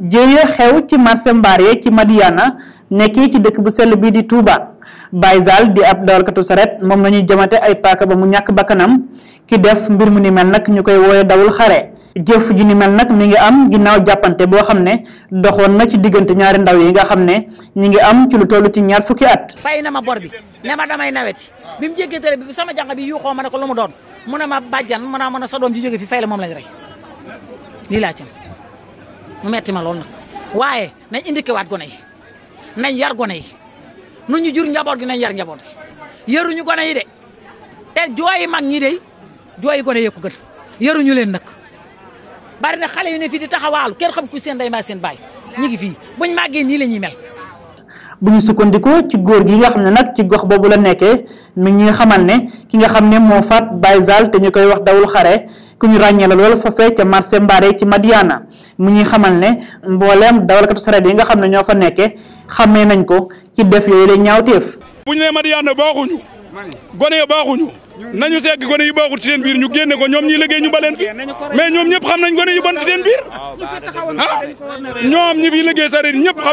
jëye xew ci marché mbaare ci madiana neki ci dëkk bu sel bi di touba bayzal di ab dawalkatu saret moom la ñuy ay paaka ba mu ñak bakanam ki def mbir mu ni mel nak ñu woyé dawul xaré jëf ji ni mel nak mi ngi am ginnaw jappanté bo xamné doxon na ci digënté ñaari ndaw yi nga xamné ñi ngi am ci lu tollu ci ñaar fukki at fayna ma bor bi ne ma damay nawéti mana jéggé jéggantale bi sama jàng bi ma nak lu mu doon mu ma bajjan mëna sa doom ji fi fay la lañ rey li la ci mu metti ma lool nag waaye nañ indi kewaat gone yi nañ yar gone yi nu ñu jur njaboot gi nañ yar njaboot gi yaruñu gone yi de te mag ñi de jooyi gone yee ko gën yaruñu leen nag bari na xale yu ne fii di taxawaalu kenn xam ku seen day maa seen baay ñu ngi fii buñ màggee nii la ñuy mel. bu ñu sukkandikoo ci góor gi nga xam ne nag ci gox boobu la nekkee mi ngi xamal ne ki nga xam ne moo faat Baye Zal te ñu koy wax dawul xare. ku ñu ràññee la loolu foofee ca marché Mbare ci Madiana mu ñuy xamal ne mbooleem dawalkatu sareet yi nga xam ne ñoo fa nekkee xamee nañ ko ci def yooyu la ñaawteef. bu ñu nee Madiana baaxuñu gone yi baaxuñu nañu segg gone yi baaxul ci seen biir ñu génne ko ñoom ñiy liggéey ñu baleen fi mais ñoom ñëpp xam nañ ah ñëpp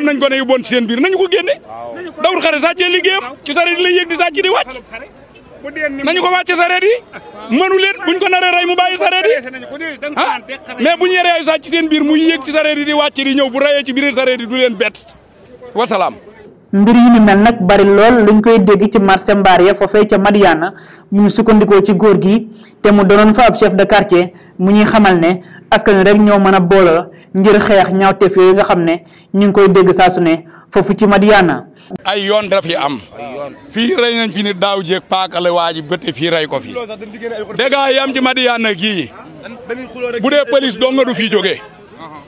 nañ gone yu bon ci seen biir nañu ko génne dawul xare sàccee liggéeyam ci sareet lay yéeg di sàcc di wàcc nañu ko wàcce sareet yi mënu leen buñ ko naree rey mu bàyyi sareet yi ah mais bu ñu yoree ay ci seen biir mu yéeg ci sareet yi di wàcce di ñëw bu rayee ci biir sareet yi du leen bett wasalaam. mbir yi ni mel nag bari lool luñ koy dégg ci marché mbaar ya foofee ca Madiana mu ñu sukkandikoo ci góor gi te mu doonoon fa ab chef de quartier mu ñuy xamal ne askan rek ñoo mën a booloo ngir xeex ñaawteef yi nga xam ne ñu ngi koy dégg saasu ne foofu ci Madiana. ay yoon daf yi am. fi ray nañ fi nit daw jéeg paaka la waji beuti fi ray ko fi dega yam ci Madiyana gii bu police do nga du fi jógee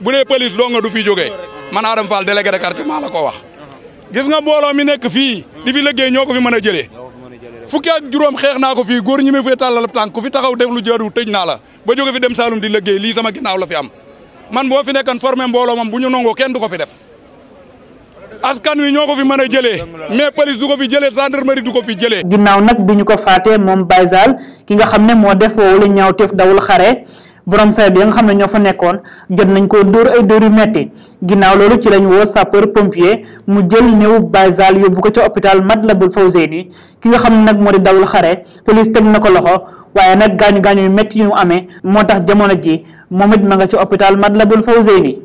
bu police do nga du fi jógee man adam Fall délégué de quartier maa la ko wax gis nga mbolo mi nek fi di fi liggéey ñoko fi mëna jëlé fukki ak juroom xeex naa ko fi gor ñi ma fee talal tank ku fi taxaw def lu jëru tëj la ba jóge fi dem salum di liggéey li sama ginaaw la fi am man bo fi nekkan formé mbolo mom bu ñu nangoo kenn du ko fi def askan wi ñoo ko fi mën a jëlee mais police du ko fi jëlee gendarmerie du ko fi jëlee. ginnaaw nag bi ñu ko faatee moom Baye Zal ki nga xam ne moo def wala ñaawteef dawul xare borom saret bi nga xam ne ñoo fa nekkoon jot nañ ko dóor ay metti ginnaaw loolu ci lañu woo sapeur pompier mu jël néew Baye Zal yóbbu ko ca hôpital Matlaboul Fawzeyni ki nga xam ne nag moo di dawul xare police teg na ko loxo waaye nag gaañu gaañu yi métti yu mu amee moo tax jamono ji moom it ma nga ci hôpital Matlaboul Fawzeyni